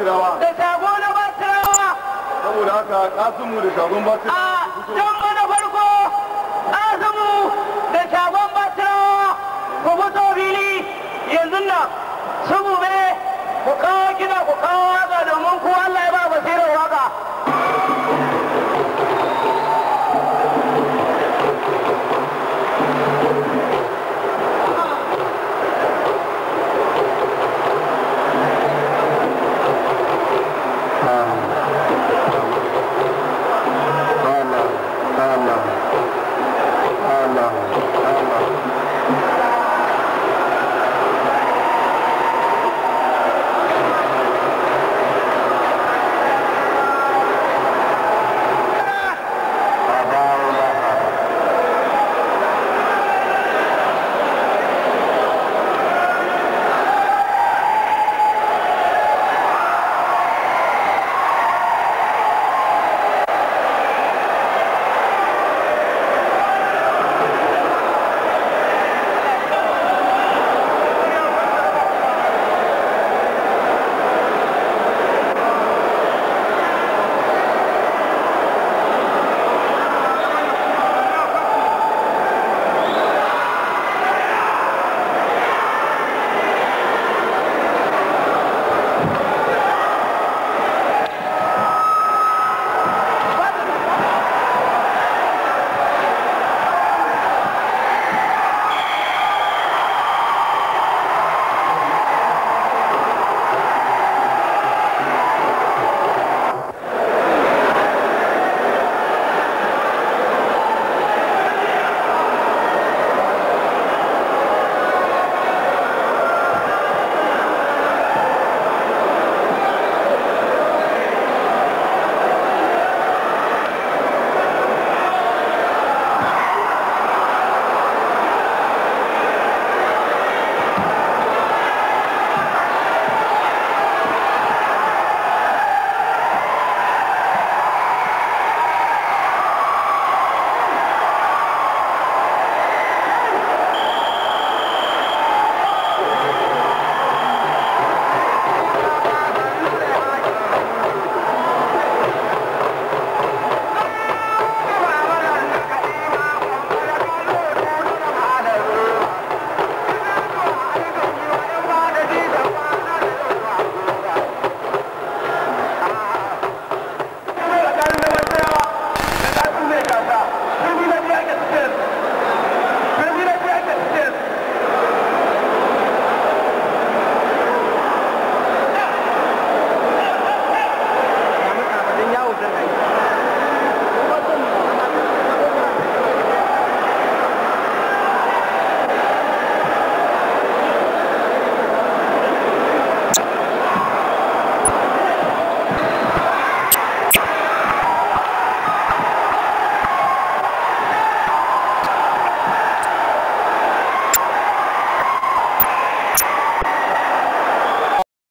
bacirawa da shago na bacirawa saboda haka kasimu da shagon bacirawa a can na farko kasimu da shagon bacirawa ku fito fili yanzu nan su bube ku kawo kiɗa ku kawo waka domin ku Allah ya ba